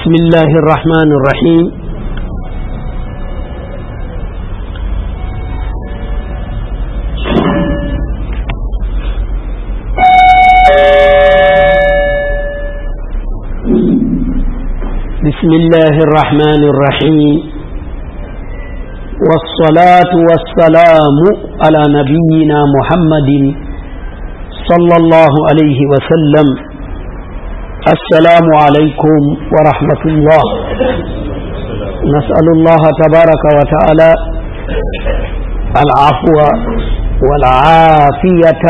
بسم الله الرحمن الرحيم بسم الله الرحمن الرحيم والصلاة والسلام على نبينا محمد صلى الله عليه وسلم السلام عليكم ورحمة الله نسأل الله تبارك وتعالى العفو والعافية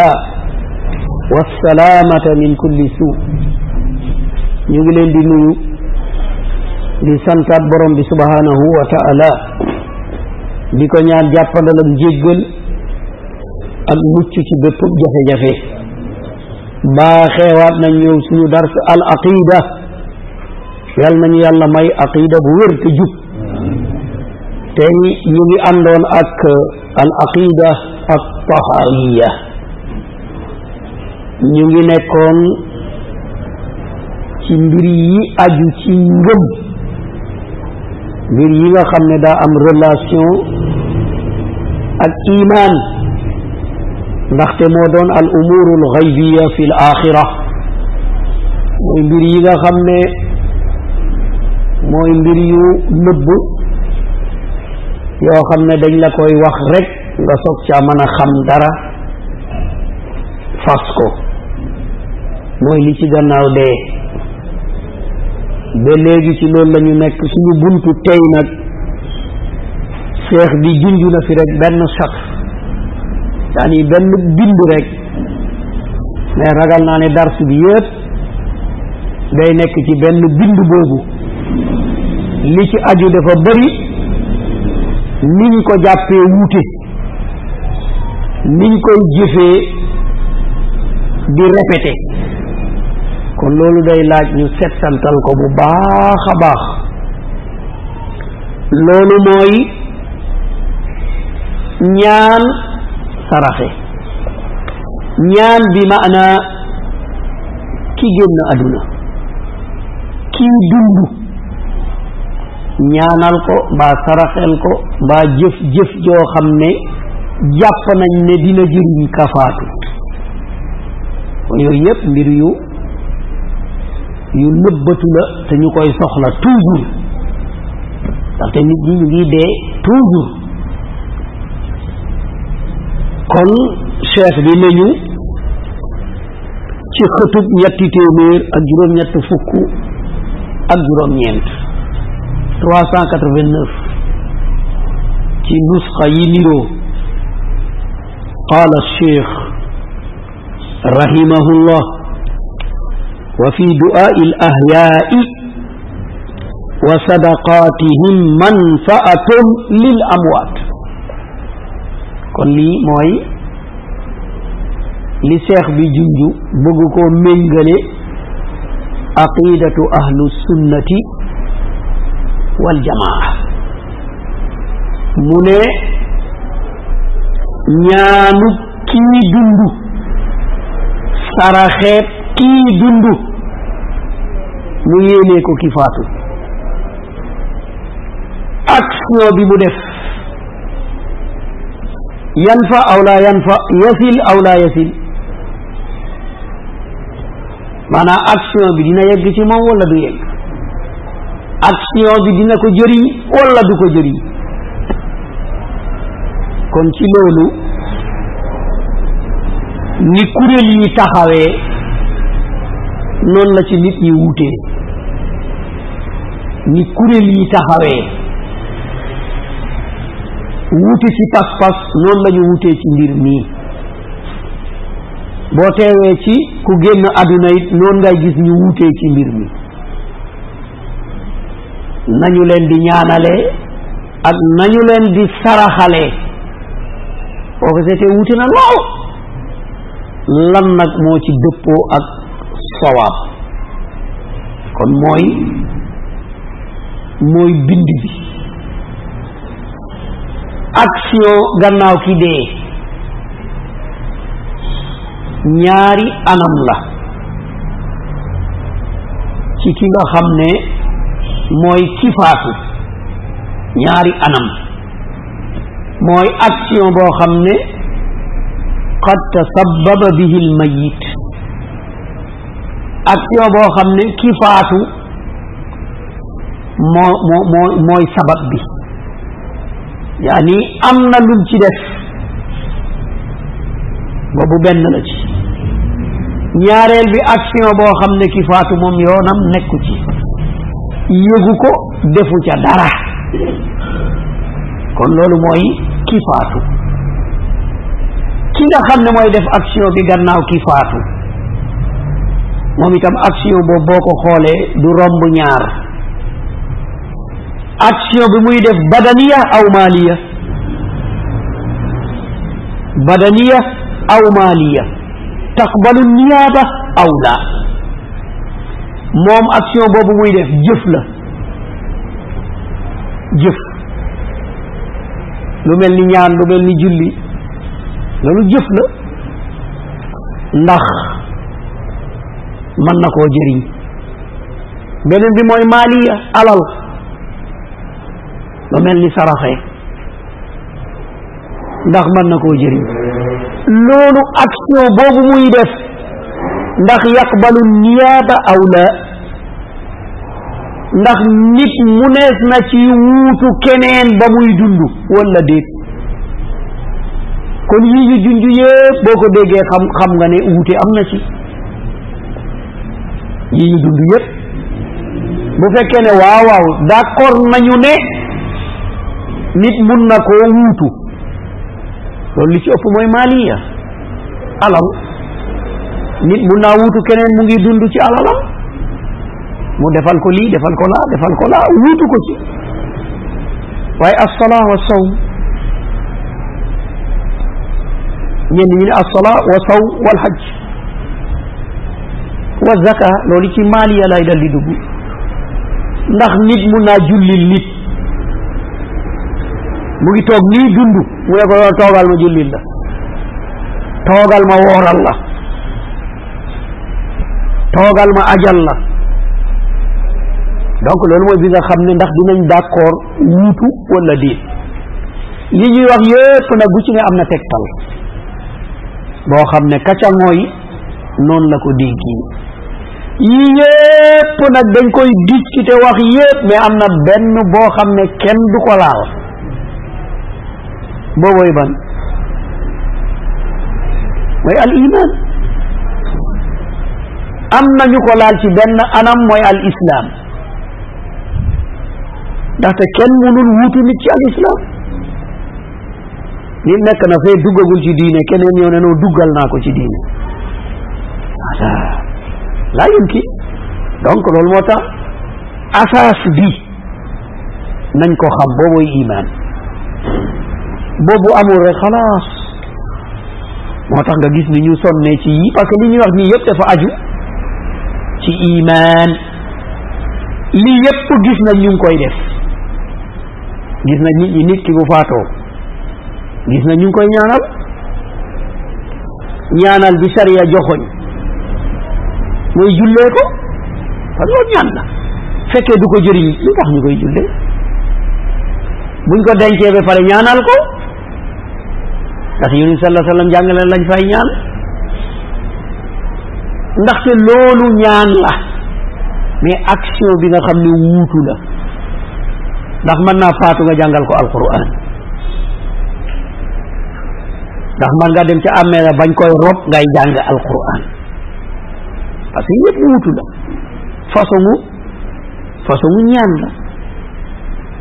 والسلامة من كل سوء نجلين دي نيو دي سنتات برم بي سبحانه وتعالى دي كو نيان جابندل نجيغل ak mucc ci bépp jafe-jafe baaxeewaat nañ ñëw suñu dars al aqida yal nañu yàlla may aqida bu wér te jub te ñu ngi àndoon ak uh, al aqida al tahawiya ñu ngi nekkoon ci mbir aju ci ngëm mbir nga xam ne daa am relation ak imaan ndaxte moo doon al umurul xaybiya fi l axira mooy mbir yi nga xam ne mooy mbir yu nëbb yoo xam ne dañ la koy wax rek nga soog caa mën a xam dara fas ko mooy li ci gannaaw dee ba léegi ci loolu la ñu nekk suñu buntu tey nag seex bi junj na fi rek benn sax yaani benn bind rek mais ragal naa ne darsu bi yëpp day nekk ci benn bind boobu li ci aju dafa bëri niñ ko jàppee wuute niñ koy jëfee di répété kon loolu day laaj ñu settantal ko bu baax baax loolu mooy ñaan saraxe ñaan bi maana ki génn àdduna kii dund ñaanal ko mbaa saraxel ko mbaa jëf jëf joo xam ne jàpp nañ ne dina jëriñ kafaatu kon yooyu yépp mbir yu yu nëbbatu la te ñu koy soxla toujours ndaxte nit ñi ñu ngi dee toujours kon chef bi nañu ci xëtub ñetti téeméer ak juróom ñett fukk ak juróom ñeent 389 ci nusxa yi niro قال الشيخ رحمه الله وفي دعاء الأهياء وصدقاتهم منفعة للأموات kon lii mooy li seex bi junju bëgg koo méngale aqidatu ahlu sunnati wal jamaa mu ne ñaanu kii dund saraxeeb kii dund mu yéenee ko ki faatu bi mu def yanfa aw laa yanfa yasil aw laa yasil maanaam action bi dina yegg ci moom wala du yegg action bi dina ko jëriñ wala du ko jëriñ kon ci loolu ni kuréel yi taxawee noonu la ci nit ñi wutee ni kuréel yi taxawee wute ci pas-pas noonu la ñu wutee ci mbir nii boo teewee ci ku génn adduna it noonu ngay gis ñu wutee ci mbir mi nañu leen di ñaanale ak nañu leen di saraxale kooku seetee wute na lool lan nag moo ci dëppoo ak sowaab kon mooy mooy bind bi action gannaaw ki dee ñaari anam la ci ki nga xam ne mooy ki faatu ñaari anam mooy action boo xam ne qad tasabbaba bihi al boo xam ne ki faatu moo moo mooy sabab bi yaani am na lum ci def boobu benn la ci ñaareel bi action boo xam ne ki faatu moom yoonam nekku ci yëgu ko defu ca dara kon loolu mooy ki faatu ki nga xam ne mooy def action bi gannaaw ki faatu moom itam action boobu boo ko xoolee du romb ñaar action bi muy def badaniya aw maliya badaniya aw maliya taqbalu niyaba aw la mom action bobu muy def jëf la jëf lu melni ñaan lu melni julli lolu jëf la ndax man nako jëriñ bi moy maliya alal ba mel ni saraxee ndax man na koo jëriñ loolu action boobu muy def ndax yaqbalu niyaaba aw la ndax nit mu nees na ci wuutu keneen ba muy dund wala déet kon yii ñu junj yëpp boo ko déggee xam xam nga ne wuute am na ci yii ñu dund yëpp bu fekkee ne waaw waaw d'accord nañu ne nit mun na koo wuutu loolu li ci ëpp mooy maaliya alal nit mun naa keneen mu ngi dund ci alalam mu defal ko lii defal ko la defal ko laa wuutu ko ci waaye assalaa wa sawm ñenn ñi ne assalaa wa saw wal hajj wa zaka loolu ci maaliya lay dal di dugg ndax nit mun naa jullil nit mu ngi toog nii dund mu ne ko yow toogal ma jullil la toogal ma wooral la toogal ma ajal la donc loolu mooy bi nga xam ne ndax dinañ d'accord wuutu wala déet li ñuy wax yépp nag bu ci am na tegtal boo xam ne kacangooy noonu la ko déggee yii yépp nag dañ koy te wax yépp mais am na benn boo xam ne kenn du ko laal boobooy ban mooy al iman am nañu ko laal ci benn anam mooy al islam ndaxte kenn mënul wuutu nit ci al islam nit nekk na fee duggagul ci diine keneen yow ne duggal naa ko ci diine wala laa yumkin donc loolu moo tax asaas bi nañ ko xam boobooy iman boobu amul rek xalaas moo tax nga gis ni ñu sonnee ci yi parce li ñuy wax nii yëpp dafa aju ci imaan li yëpp gis nañ ñu ngi koy def gis nañ nit ñi nit ki bu faatoo gis nañ ñu ngi koy ñaanal ñaanal bi sariya joxoñ mooy jullee ko parce que ñaan la fekkee du ko jëriñ lu tax ñu koy jullee buñ ko dencee ba pare ñaanal ko ndax yonent bi sallallahu alayhi wasallam jàngale lañ fay ñaan ndaxte loolu ñaan la mais action bi nga xam ne wuutu la ndax mën naa faatu nga jàngal ko alquran ndax mën nga dem ca àmmee la bañ koy rob ngay jàng alquran parce que yëpp wuutu la façonu façonu ñaan la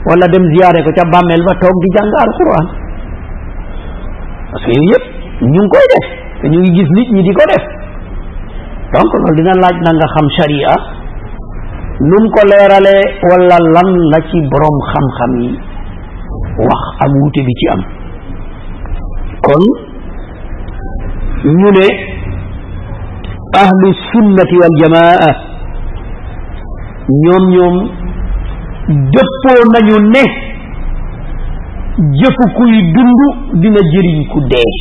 wala dem ziyaare ko ca bàmmeel ba toog di jàng alquran parce yooyu yëpp ñu ngi koy def ñu ngi gis nit ñi di ko def donc loolu dina laaj na nga xam sharia num ko leerale wala lan la ci borom xam-xam yi wax ak wuute bi ci am kon ñu ne ahlu sunnati wal jamaa ñoom ñoom dëppoo nañu ne jëfu kuy dund dina jëriñ ku dee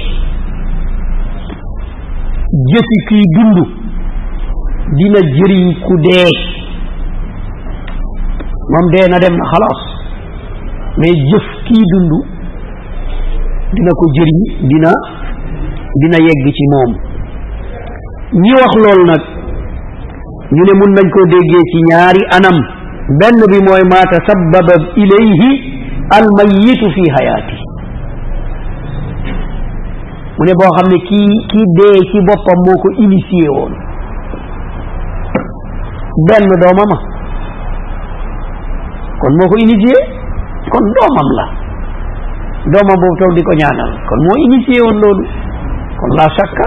jëfi kuy dund dina jëriñ ku dee moom dee na dem na xalaas mais jëf kiy dund dina ko jëriñ dina dina yegg ci moom ñi wax loolu nag ñu ne mun nañ koo déggee ci ñaari anam benn bi mooy ma tasabbaba ilayhi almayitu fi hayaati mu ne boo xam ne kii kii dee ci boppam moo ko initié woon benn doomam a kon moo ko initié kon doomam la doomam boobu toog di ko ñaanal kon moo initié woon loolu kon laa shakka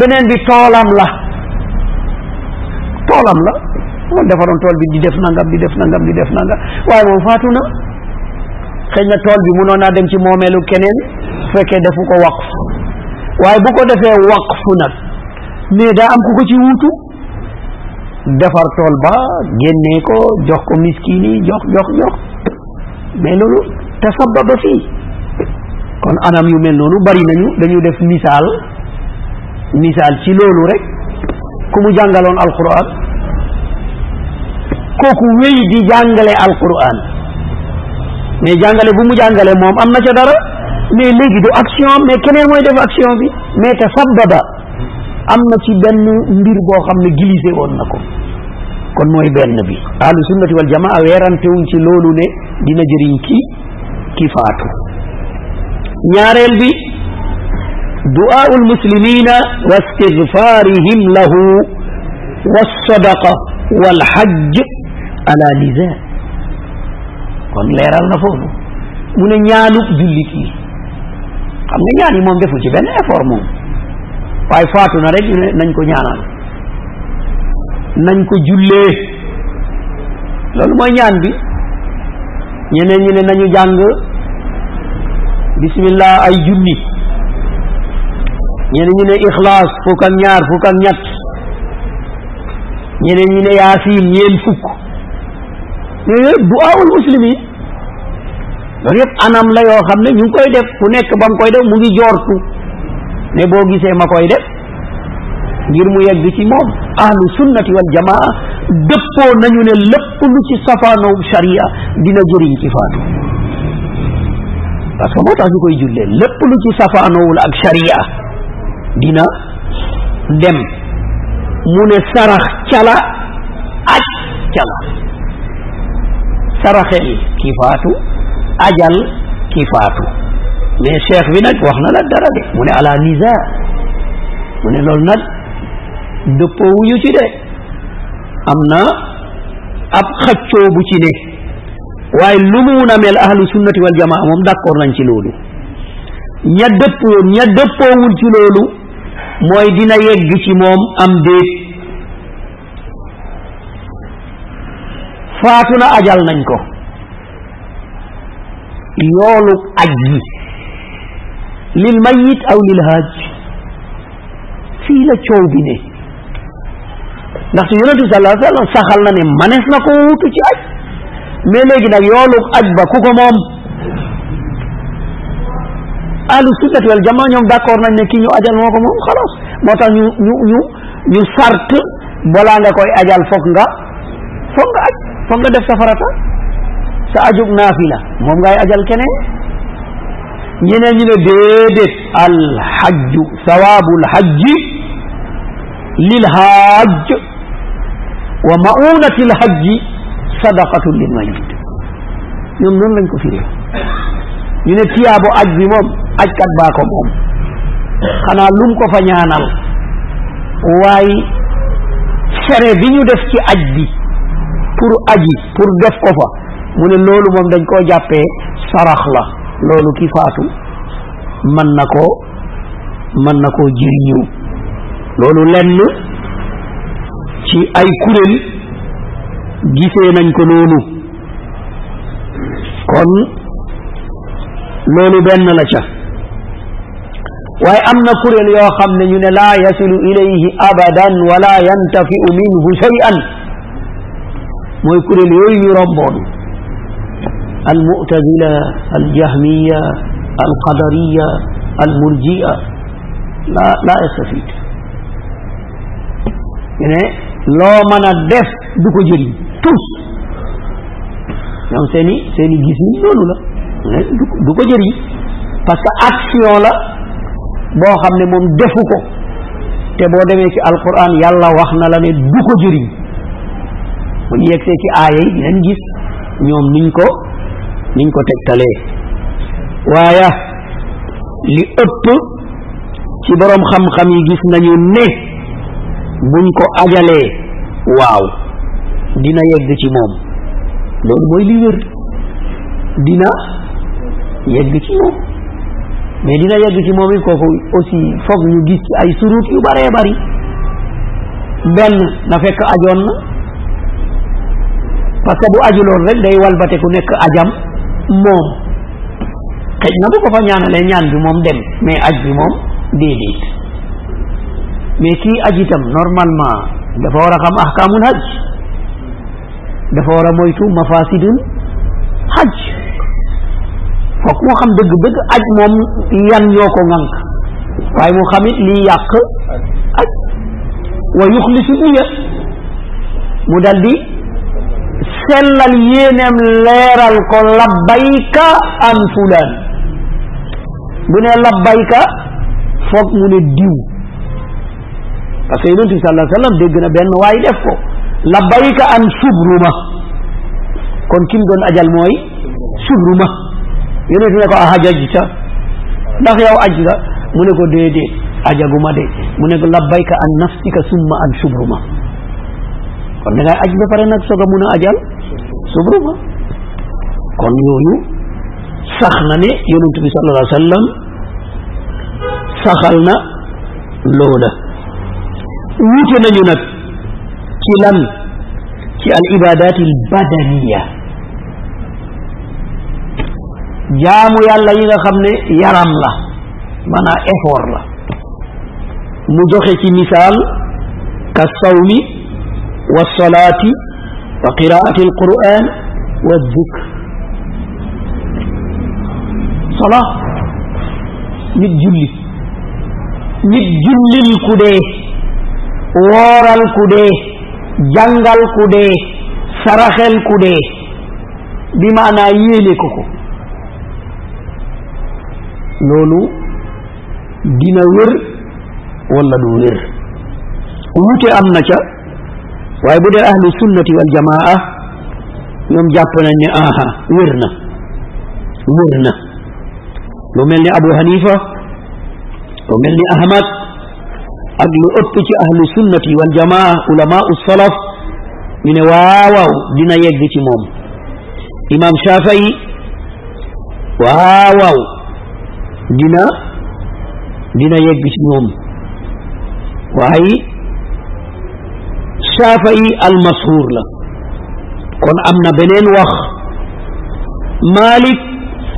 beneen bi toolam la toolam la moom defaroon tool bi di def nangam di def nangam di def nangam waaye moom faatu na xëy na tool bi mënoon naa dem ci moomeelu keneen su fekkee defu ko waqf waaye bu ko defee waqf nag mais daa am ku ko ci wuutu defar tool ba génnee ko jox ko miskin yi jox jox jox mais loolu tasababa fii kon anam yu mel noonu bari nañu dañu def misaal misaal ci loolu rek ku mu jàngaloon alquran kooku wéy di jàngale alquran mais jàngale bu mu jàngale mom amna ci dara mais legui du action mais keneen moy def action bi mais ta sabbaba amna ci ben mbir boo xamne glisser won nako kon moy ben bi ahlu sunnati wal jamaa werante wuñ ci loolu ne dina jëriñ ki ki faatu ñaarel bi du'aaul muslimina wa istigfaarihim lahu wa sadaqa wal hajj ala lisan kon leeral na foofu mu ne ñaanub jullit yi xam nga ñaan yi moom deful ci benn effort moom waaye faatu na rek nañ ko ñaanal nañ ko jullee loolu mooy ñaan bi ñeneen ñi nañu jàng bismillah ay junni ñeneen ñi ne ixlaas ak ñaar fukk ak ñett ñeneen ñi yaasin ñeen fukk mais du'aawul muslimi loolu yëpp anam la yoo xam ne ñu ngi koy def ku nekk ba mu koy def mu ngi joortu ne boo gisee ma koy def ngir mu yegg ci moom ahlu sunnati wal jamaa dëppoo nañu ne lépp lu ci safaanoob sharia dina jëriñ ci faatu que moo tax ñu koy jullee lépp lu ci safaanoowul ak sharia dina dem mu ne sarax cala aj cala saraxel ki faatu ajal ki faatu mais cheikh bi nag wax na la dara de mu ne ala nisa mu ne loolu nag dëppoo ci de am na ab xaccoo bu ci ne waaye lu mu na mel ahlu sunnati wal jamaa moom d'accord nañ ci loolu ña dëppoowul ci loolu mooy dina yegg ci moom am déet faatu na ajal nañ ko yoolu aj yi lil mayit aw lil haaj fii la coow bi ne ndaxte yonent bi saxal na ne manees na ko wutu ci aj mais léegi nag yoolu aj ba ku ko moom ahlu sunnati wal jamaa ñoom d'accord nañ ne kii ñu ajal moo ko moom xalaas moo tax ñu ñu ñu ñu sart balaa nga koy ajal foog nga foog nga aj foog nga def sa sa ajub naafila moom ngay ajal keneen ñeneen ñi ne déedéet alxajju sawaabul xajji lil xaaj wa maunati l xajji sadaqatun lil mayit ñoom noonu lañ ko firee ñu ne tiyaabu aj bi moom ajkat baa ko moom xanaa lum ko fa ñaanal waaye sere bi ñu def ci aj bi pour aji pour def ko fa mu ne loolu moom dañ koo jàppee sarax la loolu ki faatu mën na koo mën na koo jëriñu loolu lenn ci ay kuréel gisee nañ ko noonu kon loolu benn la ca waaye am na kuréel yoo xam ne ñu ne laa yasilu ilayhi abadan wala yantafiu minhu shay'an mooy kuréel yooyu ñu romboon المؤتزلة الجهمية القدرية المرجئة لا لا يستفيد يعني لا من الدف دوكو جري توس يعني سيني سيني جسمي لولو لا دوكو يعني جري باسكو اكسيون لا بو خامني موم دفوكو تي بو ديمي سي القران يالا واخنا لا ني دوكو جري بو يكسي سي اياي يعني دينا نجيس نيوم نينكو niñ ko tegtalee waaye li ëpp ci boroom xam-xam yi gis nañu ne buñ ko ajalee waaw dina yegg ci moom loolu mooy li dina yegg ci moom mais dina yegg ci moom it kooku aussi foog ñu gis ci ay surut yu baree bari benn na fekk ajoon na parce que bu ajuloon rek day walbate ku nekk ajam moom xëj na bu ko fa ñaanalee ñaan bi moom dem mais aj bi moom déedéet mais kii aj itam normalement dafa war a xam ahkaamul haj dafa war a moytu mafasidul haj foog moo xam dëgg-dëgg aj moom yan ñoo ko ŋànk waaye mu xamit liy yàq aj wa yuxlisu niya mu dal di sellal yéeneem leeral ko labbayka an fulaan bu ne labbayka foog mu ne diw parce que yonent bi sallallahu alayhi dégg na benn waay def ko labbayka an subruma kon kim doon ajal mooy subruma yonent bi ne ko ahajajta ndax yow aj nga mu ne ko déedéet ajaguma de mu ne ko labbayka an nafsika summa an subruma kon da aj ba pare nag soog a mun a ajal suba ba kon yooyu sax na ne yonent bi sallallahu alayhi wa na loola wuute ci al ibadat al badaniya jaamu yàlla yi nga xam ne yaram la maanaa effort mu joxe ci misaal ka sawmi wa salaati وقراءة القرآن والذكر صلاة نت جلي نت جلي الكوديه وورا الكوديه جنغ الكوديه سرخ الكوديه بمعنى يلككو لولو دينا ور ولا دو ور ولوتي أمنا waaye bu dé ahlu sunnati wal jamaa ñom jàpp nañ ni aha wërna wërna lu melni abu hanifa lu melni ahmad ak lu ëpp ci ahlu sunnati wal jamaa ulama salaf ñu ne waaw dina yegg ci mom imam shafai waaw dina dina yegg ci mom waye الشافعي المشهور له كن أمنا بنين وخ مالك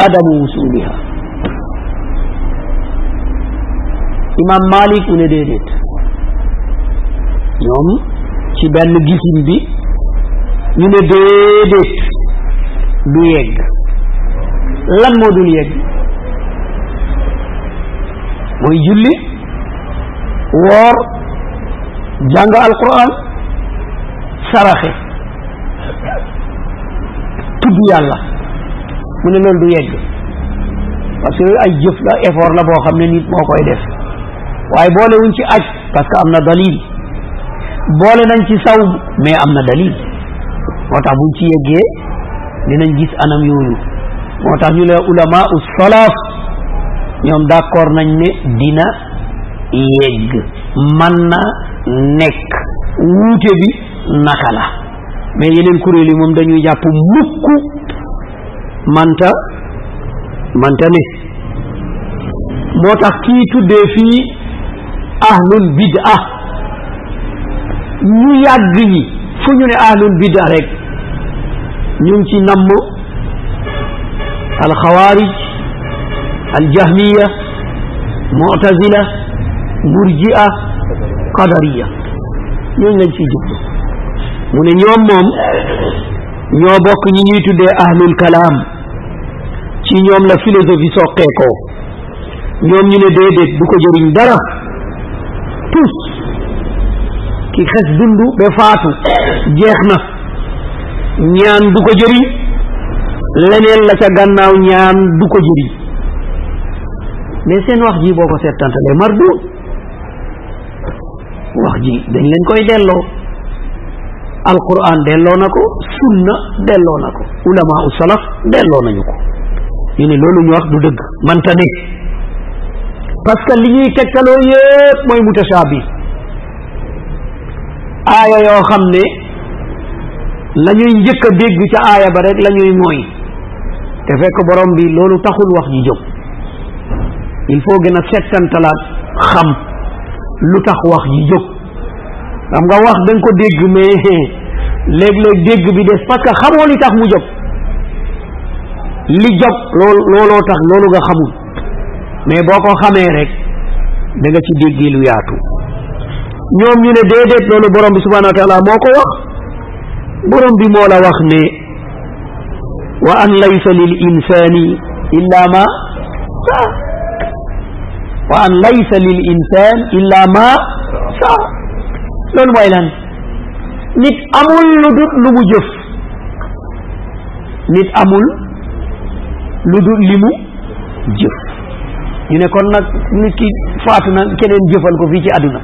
ادم وصولها إمام مالك ونديرت يوم تبان جسم بي ونديرت بيك لم مدن يك ويجلي وار جانغ القرآن saraxe tudd yàlla mu ne loolu du yegg parce que ay jëf la effort la boo xam ne nit moo koy def waaye boole wuñ ci aj parce que am na dalil boole nañ ci saw mais am na dalil moo tax buñ ci yeggee dinañ gis anam yooyu moo tax ñu la ulama u salaf ñoom d'accord nañ ne dina yegg man na nekk wuute bi nakala mais yeneen kuréel yi moom dañuy jàpp mukk manta manta ne moo tax kii tuddee fii ahlul bid'a ñu yàgg yi fu ñu ne ahlul bid'a rek ñu ngi ci namm alxawaarij aljahmiya mu'tazila murji'a qadariya ñooñu lañ ciy jublu mu ne ñoom moom ñoo bokk ñu ñuy tuddee ahlul kalaam ci ñoom la philosophie soqee ko ñoom ñu ne déedéet du ko jëriñ dara tus ki xes dund ba faatu jeex na ñaan du ko jëriñ leneen la ca gannaaw ñaan du ko jëriñ mais seen wax ji boo ko seetantalee mardu wax ji dañ leen koy delloo alquran delloo na ko sunna delloo na ko ulama u salaf delloo nañu ko ñu ne loolu ñu wax du dëgg manta ne parce que li ñuy tegtaloo yépp mooy mutashaabi aaya yoo xam ne la njëkk a dégg ca aaya ba rek la ñuy mooy te fekk borom bi loolu taxul wax ji jóg il faut gën a settantalaat xam lu tax wax ji jóg xam nga wax da ko dégg mais léeg-léeg dégg bi des parce que xamoo li tax mu jóg li jóg loolu looloo tax loolu nga xamul mais boo ko xamee rek da nga ci déggee lu yaatu ñoom ñu ne déedéet loolu borom bi subhanahu wa taala moo ko wax borom bi moo la wax ne wa laysa lil insani illa ma sa laysa lil insan illa ma loolu mooy lan nit amul lu dut lu mu jëf nit amul lu dut li mu jëf ñu ne kon nag nit ki faatu na keneen jëfal ko fii ci àdduna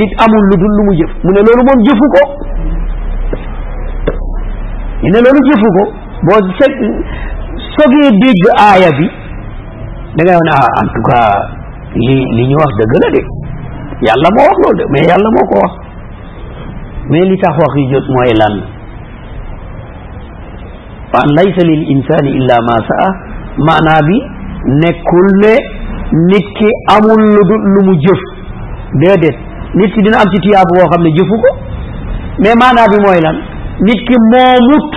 nit amul lu dul lu mu jëf mu ne loolu moom jëfu ko ñu ne loolu jëfu ko boo se sogee dégg aaya bi da ngay wax ne ah en li li ñu wax dëgg la de yàlla moo wax loolu de mais yàlla moo ko wax mais li tax wax yu mooy lan wa an lil insaani illa ma saa maanaa bi nekkul ne nit ki amul lu dul lu mu jëf déedéet nit ki dina am ci tiyaabu boo xam ne jëfu ko mais maanaa bi mooy lan nit ki moomut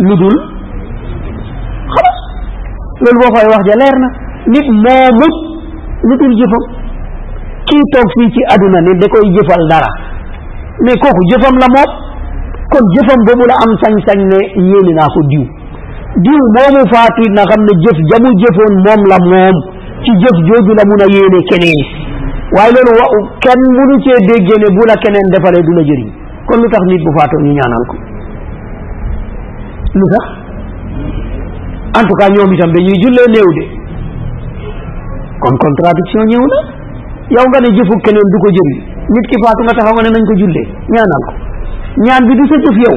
lu dul xalas loolu boo koy wax ja leer na nit moomut lu dul jëfam kii toog fii ci àdduna ne da koy jëfal dara mais kooku jëfam la moom kon jëfam boobu la am sañ-sañ ne yéene naa ko diw diw moomu faatu it na xam ne jëf jamu jëfoon moom la moom ci jëf jooju la mun a yéene keneen waaye loolu wa kenn munu cee déggee ne bu la keneen defalee du la jëriñ kon lu tax nit bu faatoo ñu ñaanal ko lu tax en tout cas ñoom itam jullee néew de kon contradiction ñëw na yow nga ne jëfu keneen du ko jëriñ nit ki faatu nga taxaw nga ne nañ ko jullee ñaanal ko ñaan bi du sa jëf yow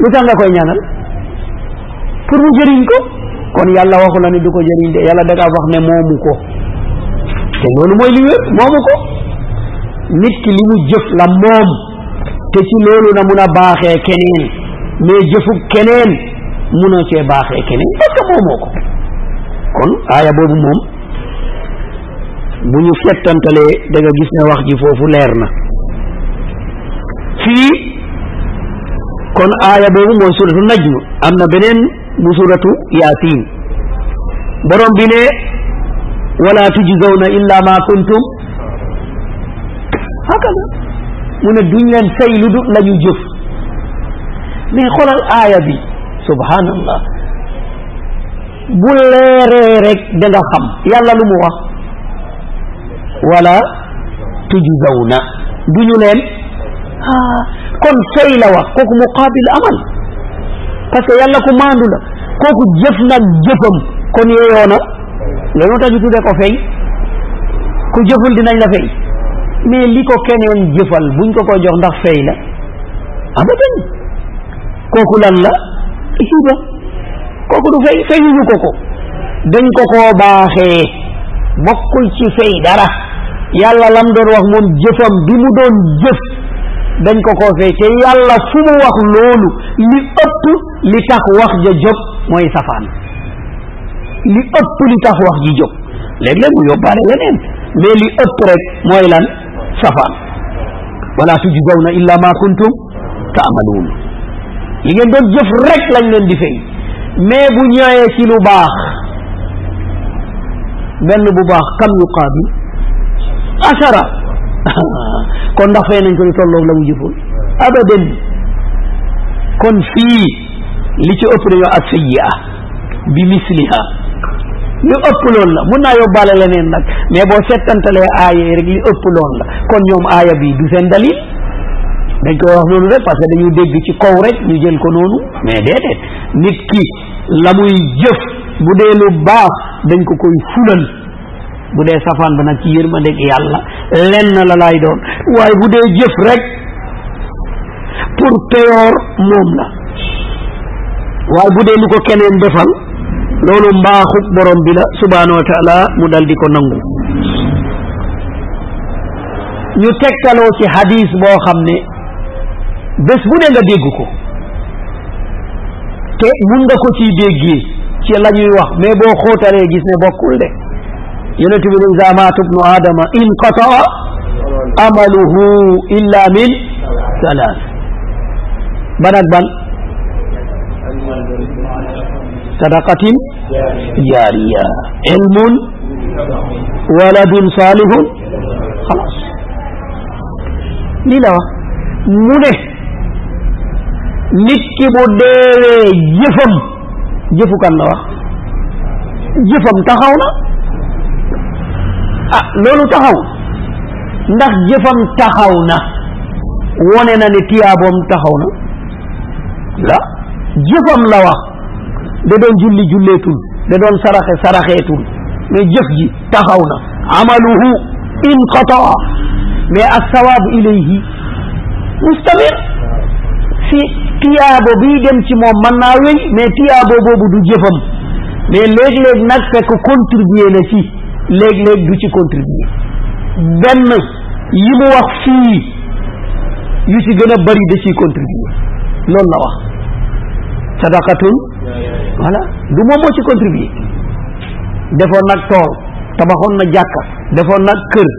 lu tax nga koy ñaanal pour mu jëriñ ko kon yàlla waxu la ne du ko jëriñ de yàlla da wax ne moomu ko te loolu mooy li wér moomu ko nit ki li mu jëf la moom te ci loolu na mun a baaxee keneen mais jëfu keneen munoo cee baaxee keneen parce que moomoo ko kon aaya boobu moom bu ñu fettantalee da nga gis ne wax ji foofu leer na kon aaya boobu mooy suratu najm am na beneen bu suratu yaasin borom bi ne wala illa ma kuntum hakada mu ne duñ leen la ñu jëf mais xoolal aaya bi subhanallah bu leeree rek xam yàlla lu mu wax wala tujzawna duñu leen ah, kon fay la wax kooku muqaabil amal parce que yàlla ku maandu la kooku jëf nag jëfam kon yeyoo na loolu tax ñu tuddee ko fay ku jëful dinañ la fay mais li ko keneen jëfal buñ ko ko jox ndax fay la abadan kooku lan la kooku du fay fayuñu ko ko dañ ko koo baaxee bokkul ci fay dara yàlla lam doon wax moom jëfam bi mu doon jëf dañ ko ko fee te yàlla fu mu wax loolu li ëpp li tax wax ja jóg mooy safaan li ëpp li tax wax ji jóg léeg-léeg mu yóbbaale leneen mais li ëpp rek mooy lan safaan wala tujzawna illa ma kuntum taamaluun li ngeen doon jëf rek lañ leen di fay mais bu ñëwee ci lu baax benn bu baax kam yu qaabil ashara kon ndax fay nañ ko lu tolloog la mu jëfoon abadan kon fii li ci ëpp dañoo ak sayyi'a bi misliha li ëpp loolu la mun naa yóbbaale leneen nag mais boo settantalee aaya rek li ëpp lool la kon ñoom aaya bii du seen dalil dañ koy wax noonu rek parce dañu dégg ci kaw rek ñu jël ko noonu mais déedéet nit ki la muy jëf bu dee lu baax dañ ko koy fulal bu dee safaan ba nag ci yërmandeeg yàlla lenn la laay doon waaye bu dee jëf rek pour peyoor moom la waaye bu dee lu ko keneen defal loolu mbaaxub borom bi la subhaanahu wa mu dal di ko nangu ñu tegtaloo ci hadis boo xam ne bés bu ne nga dégg ko te mun nga ko ciy déggee ci la ñuy wax mais boo xóotalee gis ne bokkul de ينتهي من إذا مات ابن آدم انقطع أمله إلا من ثلاث بنات بن صدقة جارية علم ولد صالح خلاص نيلا منه نكي بودي جفم جفو كان جفم تخاونا ah loolu taxaw ndax jëfam taxaw na wone na ni tiyaaboom taxaw na la jëfam la wax da doon julli julleetul da doon saraxe saraxeetul mais jëf ji taxaw na amaluhu inqataa mais assawaabu ilayhi mustamir si tiyaabo bii dem ci moom mën naa wéy mais tiyaabo boobu du jëfam mais léeg-léeg nag fekk contribuer na ci léeg-léeg du ci contribuer benn yi mu wax fii yu ci gën a bari da ciy contribuer loolu la wax sadaqatun voilà du moom moo ci contribuer defoon nag tool tabaxoon na jàkka defoon nag kër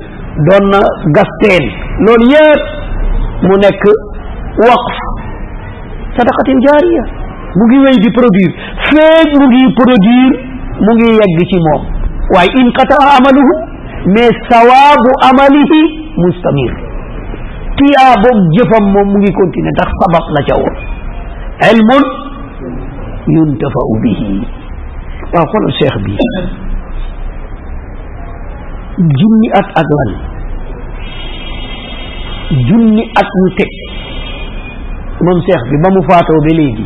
doon na gasteen loolu yëpp mu nekk waqf sadaqatin jaariya mu ngi wéy di produire feeg mu ngi produire mu ngi yegg ci moom waaye in qataa amaluhu mais sawaabu amalihi mustamir tiyaa boog jëfam moom mu ngi continuer ndax sabab la ca woon ilmun yuntafau bihi waaw xoolal cheikh bi junni at ak lan junni at yu teg moom seex bi ba mu faatoo ba léegi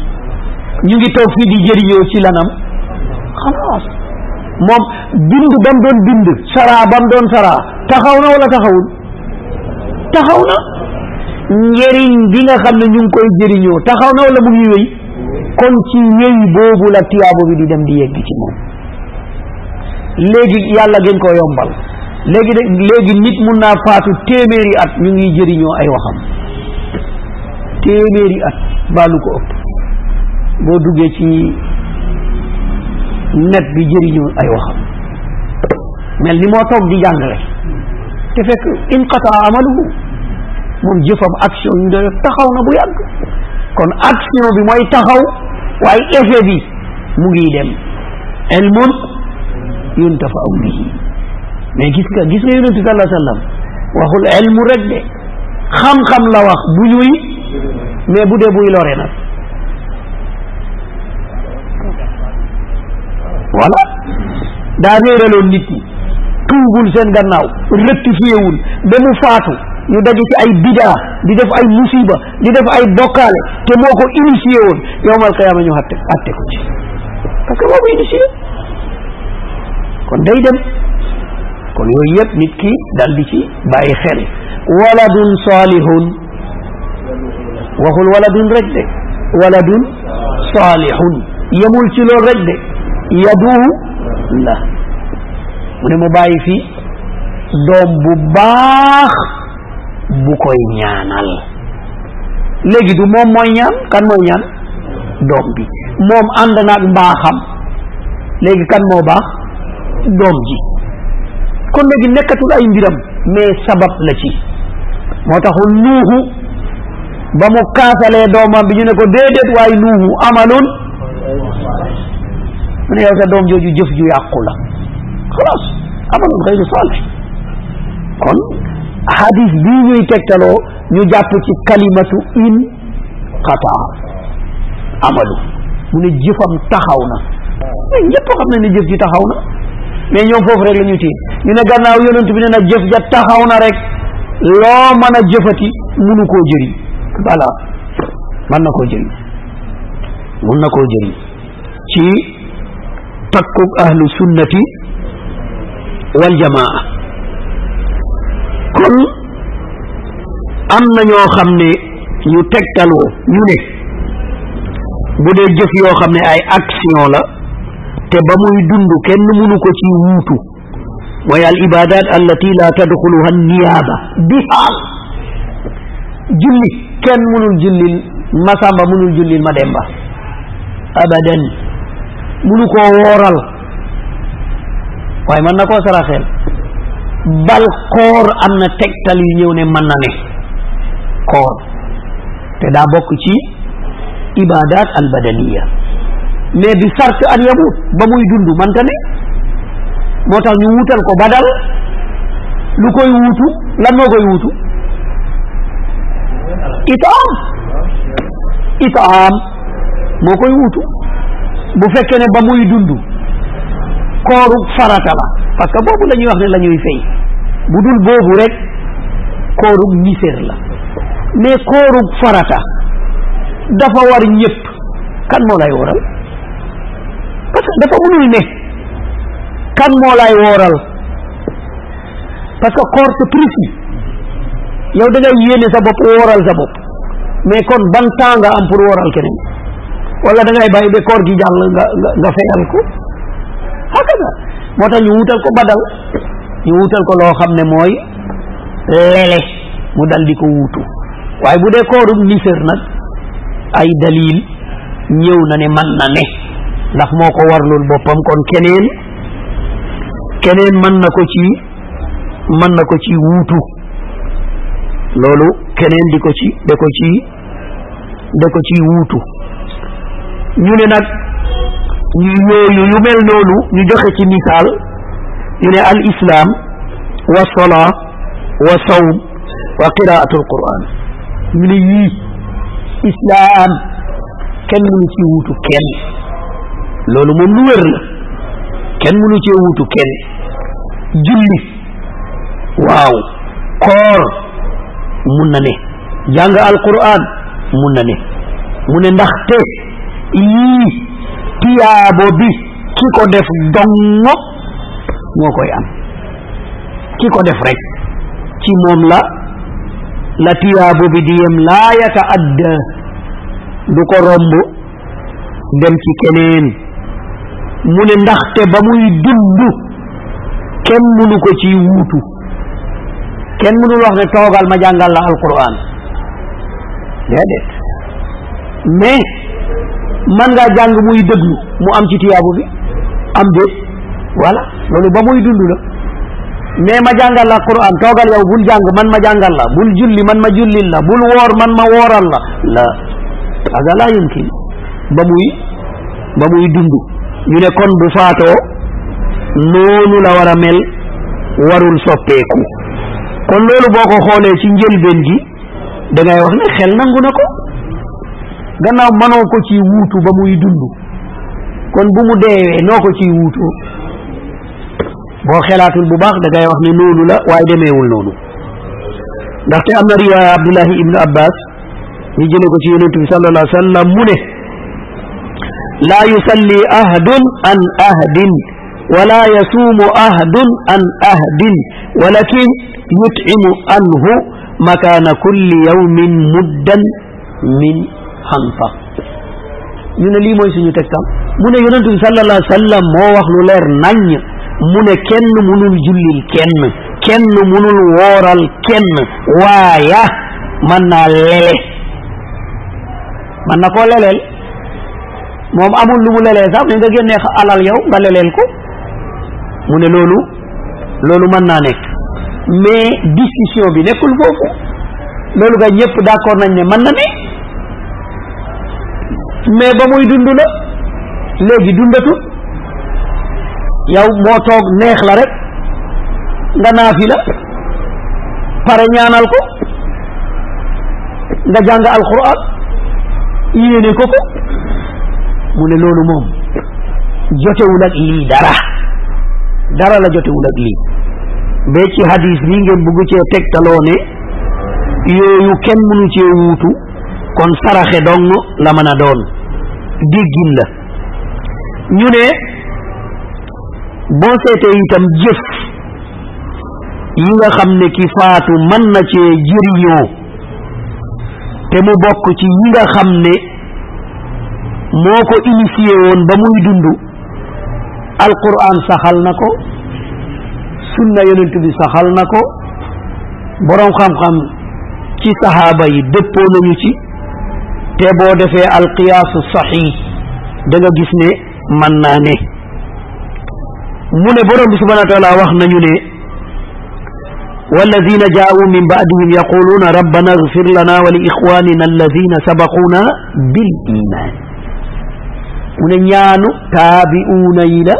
ñu ngi toog fii di jëriñoo ci lanam xalaas moom bind ba mu doon bind saraa ba mu doon saraa taxaw na wala taxawul taxaw na njëriñ bi nga xam ne ñu ngi koy jëriñoo taxaw na wala mu ngi wéy kon ci wéy boobu la tiyaabo bi di dem di yegg ci moom léegi yàlla gën ko yombal léegi de léegi nit mun naa faatu téeméeri at ñu ngi jëriñoo ay waxam téeméeri at baalu ko ëpp boo duggee ci net bi jëriñu ay waxam mel ni moo toog di jàngale te fekk inqata amaluhu moom jëfam action ñu doon taxaw na bu yàgg kon action bi mooy taxaw waaye effet bi mu ngi dem ilmun yuntafau bihi mais gis nga gis nga yonent bi wa sallam waxul de xam-xam la wax bu ñuy mais bu dee buy lore nag voilà daa réeraloon nit ñi tuubul seen gannaaw rectifié wul ba mu faatu ñu daje ci ay bidaa di def ay musiba di def ay bokkaale te moo ko initié woon yowmal qiyaama ñu atte atte ko ci parce que moo ko initié kon day dem kon yooyu yëpp nit ki dal di ci bàyyi xel waladun salihun waxul waladun rek de waladun salihun yemul ci loolu rek de yadu la mu ne mu bàyyi fi doom bu baax bu koy ñaanal léegi du moom mooy ñaan kan mooy ñaan doom bi moom ànd naag mbaaxam léegi kan moo baax doom ji kon léegi nekkatul ay mbiram mais sabab la ci moo taxul nuuxu ba mu kaasalee doomam bi ñu ne ko déedéet waaye nuuxu amalun mune yow sa doom jooju jëf ju yàqu la xalaas amalul xëyru saalih kon hadis bii ñuy tegtaloo ñu jàpp ci kalimatu in qataa amalu mu ne jëfam taxaw na mais ñëpp xam nañ ne jëf ji taxaw na mais ñoom foofu rek la ñu téye ñu ne gannaaw yonent bi ne na jëf ja taxaw na rek loo mën a jëfati munu koo jëriñ voilà mën na koo jëriñ mun na koo jëriñ ci takkug ahlu sunnati wal jamaa kon am na ñoo xam ne ñu tegtaloo ñu ne bu dee jëf yoo xam ne ay action la te ba muy dund kenn mënu ko ci wuutu mooy al ibadat allati la tadxuluha niyaaba bi xaal julli kenn mënul jullil masamba mënul jullil ma demba abadan Bulu ko woral way man nako koo saraxeel bal koor amna tektal yu ne man na ne te da bok ci ibadat al badaniya mais bi sart an yamut ba muy dundu man tane motax ñu wutal ko badal lu koy wutu lan moo koy wutu itaam itaam mo koy wutu bu fekkee ne ba muy dund kooru farata la parce que boobu lañuy wax ne la ñuy fay bu dul boobu rek koorug miséer la mais koorug farata dafa war ñëpp kan moo lay wooral parce que dafa mënul ne kan moo lay wooral parce koor te précis yow da ngay yéene sa bopp wooral sa bopp mais kon ban nga am pour wooral keneen wala da ngay bàyyi ba koor gi jàll nga nga nga fayal ko hakada moo tax ñu wutal ko badal ñu wutal ko loo xam ne mooy lele mu dal di ko wuutu waaye bu dee koorum nisër nag ay dalil ñëw na ne man na ne ndax moo ko war warlul boppam kon keneen keneen mën na ko ci mën na ko ci wuutu loolu keneen di ko ci de ko ci de ko ci wuutu ñu ne nag ñu yooyu yu mel noonu ñu joxe ci misaal ñu ne al islam wa sola wa sawm wa qiraatu al quran ñu ne yii islam kenn mënu ci wuutu kenn loolu moom lu wér la kenn mënu ci wuutu kenn julli waaw koor mun na ne jàng alquran mun na ne mu ne ndaxte yii tiyaabo bi ki ko def dong moo koy am ki ko def rek ci moom la la tiyaabo bi di yem laa yataadda du ko romb dem ci keneen mu ne ndaxte ba muy dund kenn mënu ko ci wuutu kenn mënul wax ne toogal ma jàngal la alquran déedéet mais man ngaa jàng muy déglu mu am ci tiyaabu bi am déet voilà loolu ba muy dund la mais ma jàngal la Alquran toogal yow bul jàng man ma jàngal la bul julli man ma jullil la bul woor man ma wooral la la aga laa ba muy ba muy dund ñu ne kon bu faatoo noonu la war a mel warul soppeeku kon loolu boo ko xoolee ci njëlbeen gi dangay ngay wax ne xel nangu na ko gannaaw manoo ko ci wuutu ba muy dund kon bu mu deewee noo ko ciy wuutoo boo xelaatul bu baax da ngay wax ne noonu la waaye demeewul noonu ndaxte am na riwaaya abdullahi ibnu abbas ñu jële ko ci yonentu bi sallallahu alayhi wasallam mu ne la yusalli ahdun an ahdin ولا يصوم أحد عن أحد ولكن يطعم عنه مكان كل يوم مدا من xanfa ñu ne lii mooy suñu tegtal mu ne yonent bi sallallahu alayhi wasallam moo wax lu leer naññ mu ne kenn munul jullil kenn kenn munul wooral kenn waaye mën naa lele mën na koo leleel moom amul lu mu lelee sax mais nga génnee alal yow nga leleel ko mu ne loolu loolu mën naa nekk mais décision bi nekkul foofu loolu nga ñëpp d'accord nañ ne man na ne mais ba muy dund la léegi dundatu yow moo toog neex la rek nga naafi la pare ñaanal ko nga jàng alquran yéene ko ko mu ne loolu moom jotewul ak lii dara dara la jotewul ak lii ba ci hadis bi ngeen bugg cee tegtaloo ne yooyu kenn munu cee wuutu kon saraxe dong la mën a doon déggin la ñu ne boo seetee itam jëf yi nga xam ne ki faatu mën na cee jëriñoo te mu bokk ci yi nga xam ne moo ko initié woon ba muy dund alquran saxal na ko sunna yonent bi saxal na ko boroom xam-xam ci saxaaba yi dëppoo nañu ci te defé al qiyas sahih da nga gis ne man na ne mune borom subhanahu wa taala wax nañu ne والذين جاءوا من بعدهم يقولون ربنا اغفر لنا ولإخواننا الذين سبقونا بالإيمان من يان تابعون إلى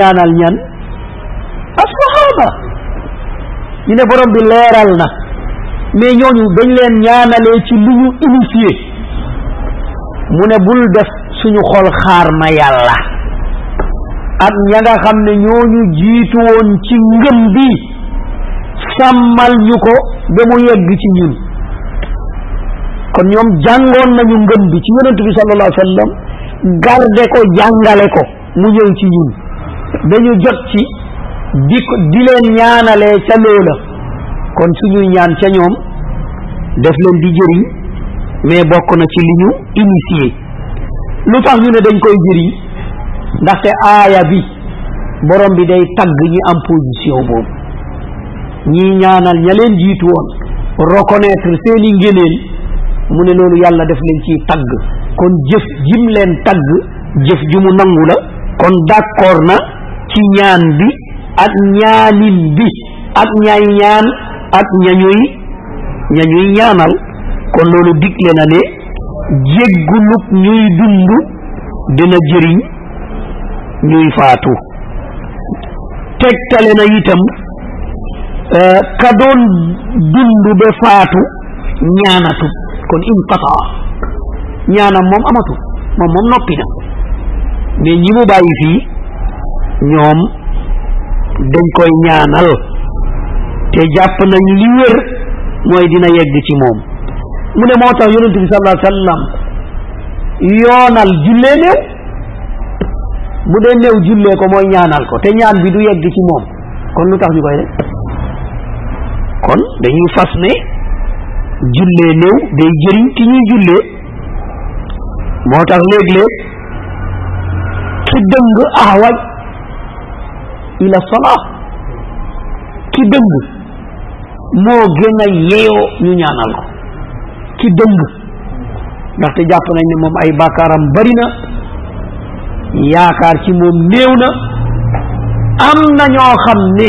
يان اليان الصحابة من برم بالله mais ñooñu dañ leen ñaanale ci lu ñu initié mu ne bul def suñu xol xaar ma yàlla ak ña nga xam ne ñooñu jiitu woon ci ngëm bi sàmmal ñu ko ba mu yegg ci ñun kon ñoom jàngoon nañu ngëm bi ci yonent bi sallallahu alayhi garde ko jàngale ko mu ñëw ci ñun dañu jot ci di ko di leen ñaanalee ca loola kon suñuy ñaan ca ñoom def leen di jëriñ mais bokk na ci li ñu initié lu tax ñu ne dañ koy jëriñ ndaxte aaya bi borom bi day tagg ñi am position boobu ñi ñaanal ña leen jiitu woon reconnaître seeni ngéneel mu ne loolu yàlla def leen ciy tagg kon jëf jim leen tagg jëf ju mu nangu la kon d'accord na ci ñaan bi ak ñaanin bi ak ñaay ñaan ak ñañuy ñañuy ñaanal kon loolu digle na ne jégguluk ñuy dund dina jëriñ ñuy faatu tegtale na itam euh, ka doon dund ba faatu ñaanatu kon inqata ñaanam moom amatu moom moom noppi na mais ñi mu bàyyi fii ñoom dañ koy ñaanal te jàpp nañ li wér mooy dina yegg ci moom mu ne moo tax yonent bi sallallahu alayhi yoonal jullee néew bu dee néew jullee ko mooy ñaanal ko te ñaan bi du yegg ci moom kon lu tax ñu koy def kon dañuy fas ne jullee néew day jëriñ ki ñuy jullee moo tax léeg-léeg ki dëng ahwaj ila salaa ki dëng moo gën a yeeyoo ñu ñaanal ko ki dëng ndaxte jàpp nañ ni moom ay bàkkaaram bari na yaakaar ci moom néew na am na ñoo xam ne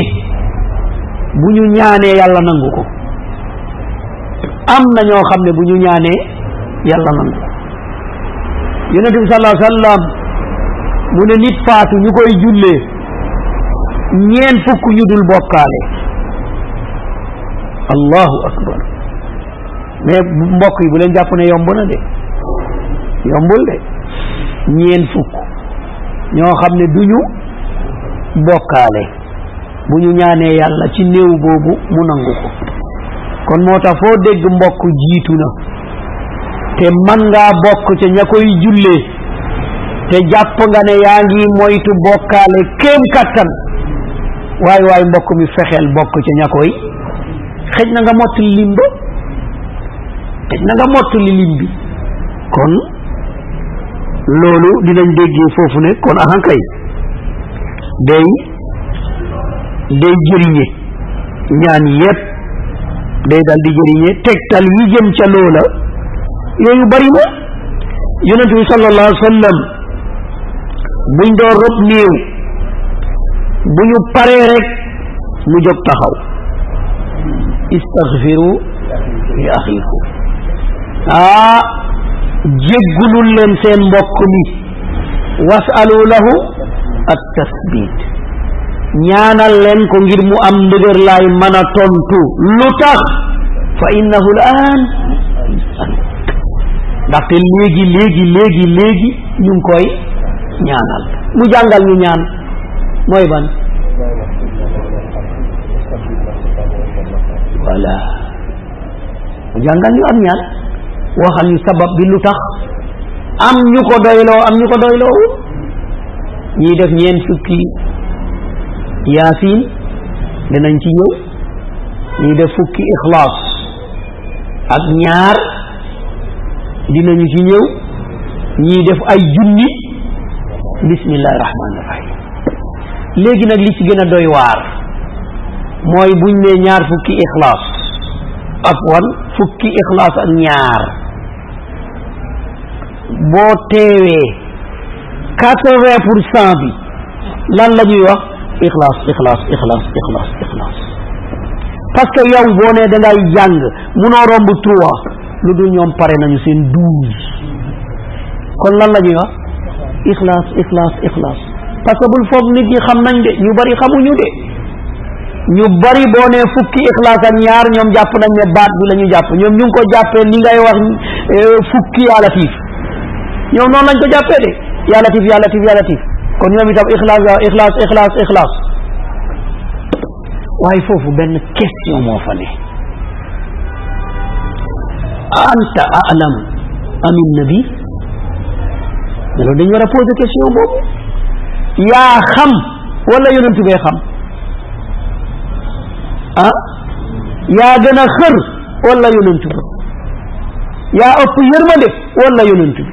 bu ñu ñaanee yàlla nangu ko am na ñoo xam ne bu ñu ñaanee yàlla nangu ko yonente bi mu ne nit faatu ñu koy jullee ñeen fukk ñu dul bokkaale allahu akbar mais mbokk yi bu leen jàpp ne yomb na de yombul de ñeen fukk ñoo xam ne duñu bokkaale bu ñu ñaanee yàlla ci néew boobu mu nangu ko kon moo tax foo dégg mbokk jiitu na te man ngaa bokk ca ña koy jullee te jàpp nga ne yaa ngi moytu bokkaale kéem kattan waaye waaye mbokk mi fexeel bokk ca ña koy xëj na nga mottali lim ba na nga mottali lim bi kon loolu dinañ déggee foofu ne kon ahankay day day jëriñe ñaan yépp day dal di jëriñe tegtal yi jëm ca loola yooyu bari na yonent bi sallallahu alayhi buñ door rob néew bu ñu paree rek mu jóg taxaw استغفروا لأخيكم آه جيقلوا لهم سين بوكمي واسألوا له التثبيت نيانا لهم كنجر مؤمدر لاي يمنا تنتو لتخ فإنه الآن ndaxte léegi ليجي ليجي ليجي ñu ngi koy ñaanal mu jàngal ñu ñaan mooy ban wala mu jàngal ñu am ñaan waxal ñu sabab bi lu tax am ñu ko doyloo am ñu ko doyloowu ñiy def ñeen fukki yaasin dinañ ci ñëw ñiy def fukki ixlaas ak ñaar dinañu ci ñëw ñiy def ay junni bismillahi léegi nag li ci gën a doy waar mooy buñ ne ñaar fukki ixlaas afwan fukki ixlaas ak ñaar boo teewee pour cent bi lan la ñuy wax ixlaas ixlaas ixlaas ixlaas ixlaas parce que boo ne da jàng munoo romb trois lu dul ñoom pare nañu seen douze kon lan la ñuy wax ixlaas ixlaas ixlaas parce bul foog nit ñi xam nañ de ñu bari xamuñu de ñu bari boo nee fukki ikhlas ak ñaar ñom jàpp nañ ne baat bi lañu jàpp ñom ñu ko jappé li ngay wax fukki ya latif ñom non lañ ko jappé de ya latif ya latif ya latif kon ñom itam ikhlas ikhlas ikhlas ikhlas way fofu ben question mo fa ne anta alam amin nabi loolu dañu wara poser question bobu ya xam wala yonentu bee xam ah yaa gën a xër wala yonent bi yaa ëpp yërmande wala yonent bi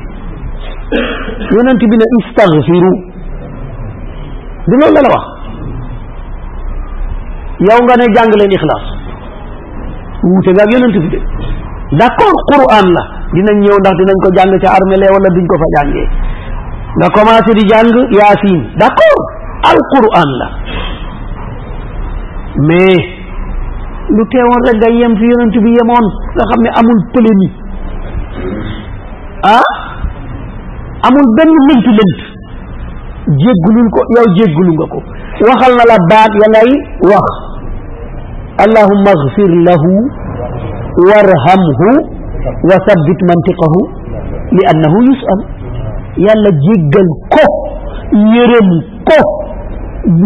yonent bi ne istaghfiru du loolu la wax yow nga ne jàng leen ixlaas wuute nga ak yonent bi de d'accord Qur'an la dinañ ñëw ndax dinañ ko jàng ci armele wala duñ ko fa jàngee nga commencé di jàng Yaasiin d'accord al Qur'an la mais lu teewoon rek nga yem fi yonent bi yemoon nga xam ne amul polémique ah amul benn lënt lënt jéggulul ko yow jéggulu nga ko waxal na la baat ya ngay wax allahumma agfir lahu warhamhu wa sabbit mantiqahu li yusal yàlla jéggal ko yërëm ko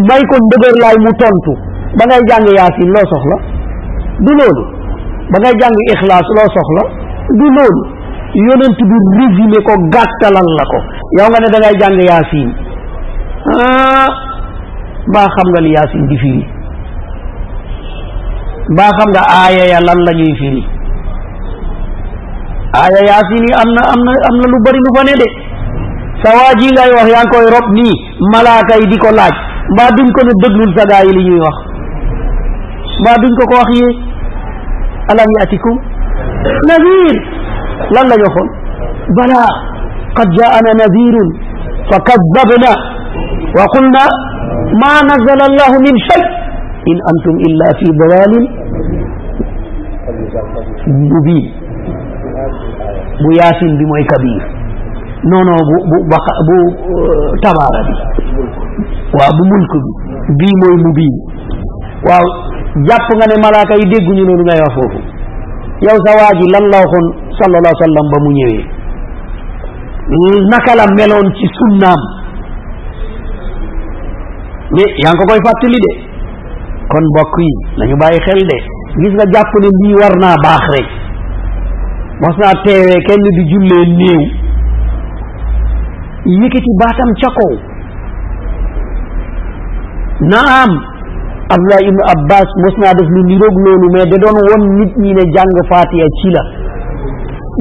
may ko ndëgër laay mu tontu ba ngay jàng yaasin loo soxla du loolu ba ngay jàng ixlaas loo soxla du loolu yonent bi résumé ko gàttalal la ko yow nga ne da ngay jàng yaasin ah mbaa xam nga li yaasin di firi mbaa xam nga aaya ya lan la ñuy firi aaya yaasin yi am na am na am na lu bari lu fa ne de sa waa ji ngay wax yaa koy rob nii malaaka yi di ko laaj mbaa duñ ko ne déglul sa gaa yi li ñuy wax mbaa duñ ko ko wax yee alam yaatikum nadir lan la ñu waxoon bala qad jaana nadirun fa kadabna wa qulna ma nazala allahu min shay in antum illa fi dalalin mubin bu yaasin bi mooy kabir non non bu bu baqa bu tabaara bi waaw bu mulk bi bii mooy mubin waaw Gjapon gane malaka ide gounyo nou nan yon fokou. Yon sa wajil lallou kon salolou salolou mba mounyewe. Nakala melon chi sun nam. Yon koko ifatili de. Kon bakwi nan yon baye chel de. Giswa Gjapon e di warna bakre. Mwosna tewe ken yon di joule niw. Yon ki ti batam choko. Nam. Nam. abdullah ibnu abbas mos naa def lu niroog loolu mais da doon won nit ñi ne jàng fatiha ci la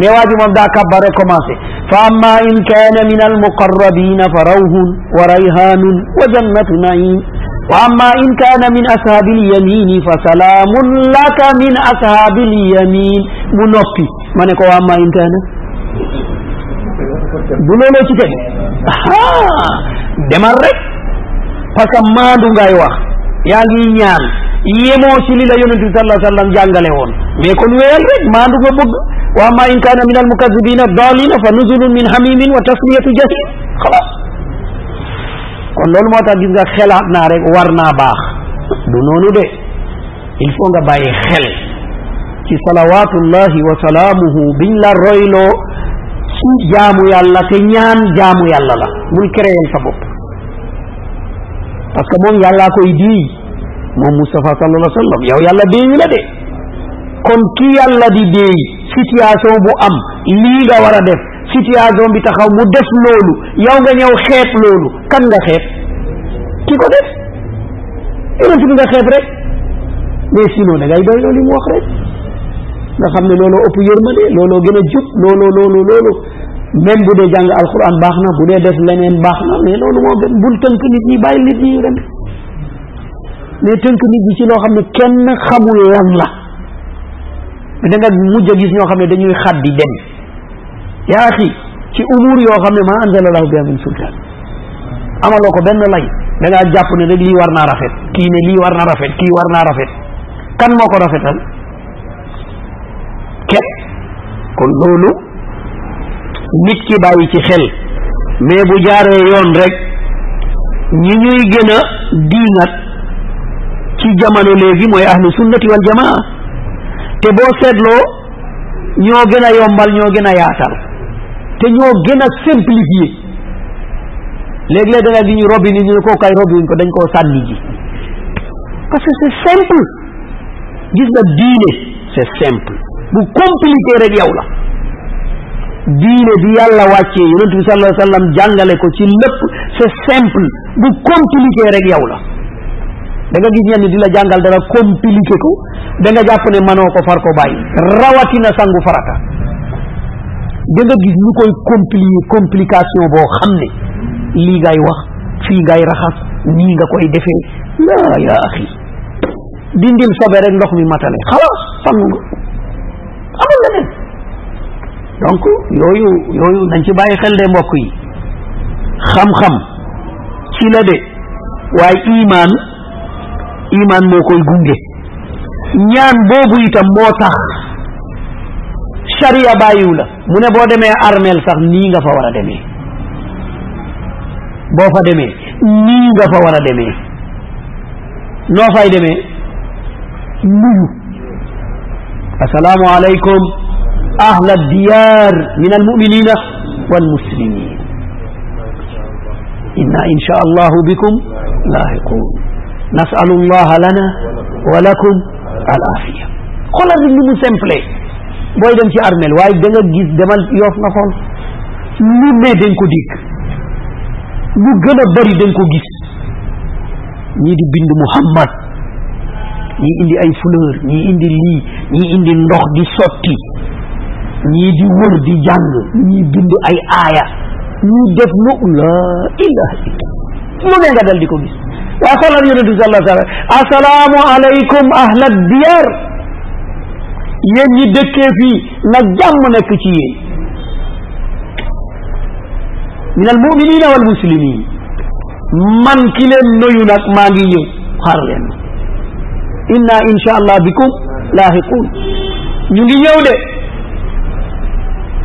mais waa ji moom daa kàbba recommencé fa amma in kaana min almuqarrabina fa rawhun wa rayhanun wa jannatu naim wa amma in kaana min ashaabi lyamini fa salaamun laka min ashaabi lyamin mu noppi ma ne ko wa amma in kaana du looloo ci teg demal rek parce que maandu ngay wax yaa ngi ñaan yemoo ci li la yonente bi sallallahu alayhi wa sallam jàngale woon mais kon wéyal rek maandu nga bëgg wa ma in kaana min almukazibina dalina fa nuzulun min hamimin wa tasliyatu jahim xalaas kon loolu moo tax gis nga xelaat naa rek war naa baax du noonu de il faut nga bàyyi xel ci salawatullahi wa salaamuhu biñ la royloo ci jaamu yàlla te ñaan jaamu yàlla la bul créer sa bopp parce que moom yàllaa koy diy moom Moustapha sallallahu alayhi wa sallam yow yàlla déeyu la de kon ki yàlla di déey situation bu am lii nga war a def situation bi taxaw mu def loolu yow nga ñëw xeeb loolu kan nga xeeb ki ko def yonent nga xeeb rek mais sinon da ngay doy mu wax rek nga xam ne looloo ëpp yërmande looloo gën a jub looloo loolu loolu même bu dee jàng alquran baax na bu dee def leneen baax na mais loolu moo gën bul tënk nit ñi bàyyi nit ñi rek mais tënk nit ñi ci loo xam ne kenn xamul lan la da mujj a gis ñoo xam ne dañuy xaddi dem yaa axi ci umur yoo xam ne ma anzalallahu biha min sultaan amaloo ko benn lay da jàpp ne rek lii war naa rafet kii ne lii war na rafet kii war naa rafet kan moo ko rafetal kenn kon loolu nit ki bàyyi ci xel mais bu jaaree yoon rek ñi ñuy gën a diingat ci jamono léegi mooy ahlu sunnati wal jamaa te boo seetloo ñoo gën a yombal ñoo gën a yaatal te ñoo gën a simplifier léeg-léeg da nga gi ñu robbi ni ñu koo kay ko dañ koo sànni ji parce que c'est simple gis nga diine c'est simple bu compliqué rek yow la diine bi yàlla wàccee yonent bi sallallahu alayhi jàngale ko ci lépp c'est simple bu compliqué rek yow la da nga gis ñenn di la jàngal dara compliqué ko da jàpp ne mënoo ko far ko bàyyi rawatina sangu farata da nga gis ñu koy compliqué complication boo xam ne lii ngay wax fii ngay raxas nii nga koy defee laa yaa axi dindil sobe rek ndox mi matale xalaas sangu nga amul leneen donc yooyu yooyu nañ ci bàyyi xel de mbokk yi xam-xam ci la de waaye imaan imaan moo koy gunge ñaan boobu itam moo tax sariya bàyyiwu la mu ne boo demee armeel sax nii nga fa war a demee boo fa demee nii nga fa war a demee noo fay demee nuyu asalaamu aleykum أهل الديار من المؤمنين والمسلمين إنا إن شاء الله بكم لاحقون نسأل الله لنا ولكم العافية قل الرجل من سيمفلي بويدا في أرمل وايد دنجا جيز دمال يوف نفون نمي دنكو ديك نجنا بري دنكو جيز نيدي بند محمد ني اندي اي فلور ني اندي لي ني اندي نوخ دي سوتي ñii di wër di ñii bind ay aaya ñii def lu la ilaha illa mu ne nga dal ko gis waa xoolal yonent bi sallallahu alayhi wa sallam aleykum ahla diyaar yéen ñi dëkkee fii na jàmm nekk ci yéen min al muminina wal muslimin man ki leen nuyu nag maa ngi ñëw xaar leen inna incha allah bikum laahiqun ñu ngi ñëw de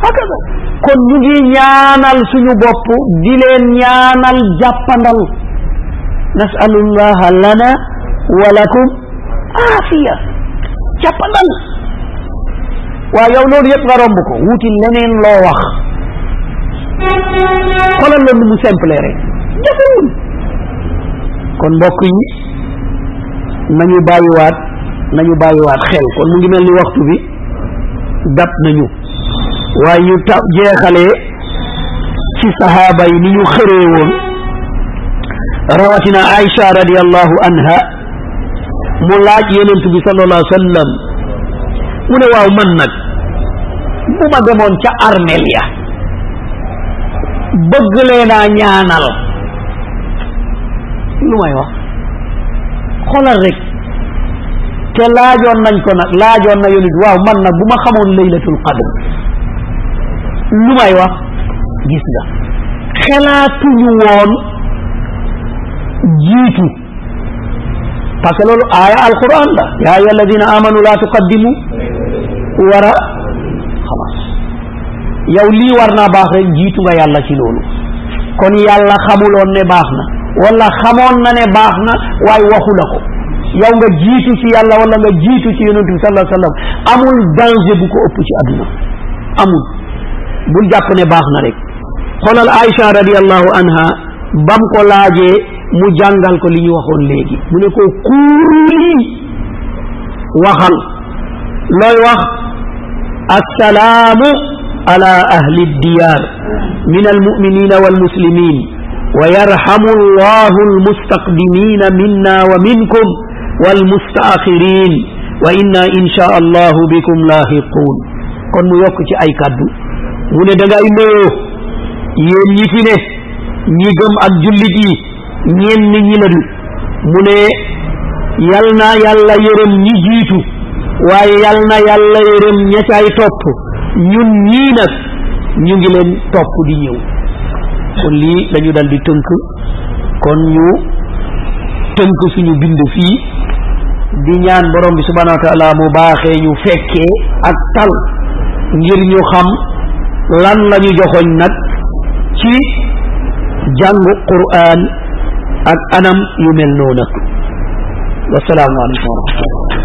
hakaza kon ñu ngi ñaanal suñu bopp di leen ñaanal jàppandal nasalullaha lana wa lakum afiya jàppandal waa yow loolu yëpp nga romb ko wuti leneen loo wax xolal la nu simple rek jafewul kon mbokk yi nañu bàyyiwaat nañu bàyyiwaat xel kon mu ngi mel ni waxtu bi dab nañu waaye ñu ta jeexalee ci sahaaba yi ni ñu xëree woon rawatina aïcha radiallahu anha mu laaj yonent bi sallallahu alayhi wa sallam mu ne waaw man nag bu ma demoon ca armel ya bëgg leenaa ñaanal lu may wax xoolal rek te laajoon nañ ko nag laajoon na yonit waaw man nag bu ma xamoon laylatul qadr lu may wax gis nga xelaatuñu woon jiitu parce que loolu aaya alquran la yaa ayyuha alladina amanu laa tuqaddimu wara xamas lii war naa baax rek jiitu nga yàlla ci loolu kon yàlla xamuloon ne baax na wala xamoon na ne baax na waaye waxu la ko yow nga jiitu ci yàlla wala nga jiitu ci yonent bi sallallahu alayhi wa sallam amul danger bu ko ëpp ci àdduna amul bu jàpp ne bax na rek xolal aisha radiyallahu anha bam ko laaje mu jàngal ko li ñu waxoon léegi mu ne ko kuulii waxal loy wax assalamu ala ahli diyar min almuminina walmuslimin wa yarhamu allahu almustaqdimina minna wa minkum walmustaaxirin wa inna insha allahu bikum laahiquun kon mu yokk ci ay kàddu mu ne da ngay moyoo yéen ñi fi ne ñi gëm ak jullit yi ñenn ñi lañu mu ne yal na yàlla yërëm ñi jiitu waaye yal na yàlla yërëm ña caay topp ñun ñii nag ñu ngi leen topp di ñëw kon lii dañu dal di tënk kon ñu tënk suñu bind fii di ñaan borom bi subhanahu wa mu baaxee ñu fekkee ak tal ngir ñu xam lan la ñu joxoñ nag ci jàngu quraan ak anam yu mel noonu wasalaamu aleykum wa rahmatullah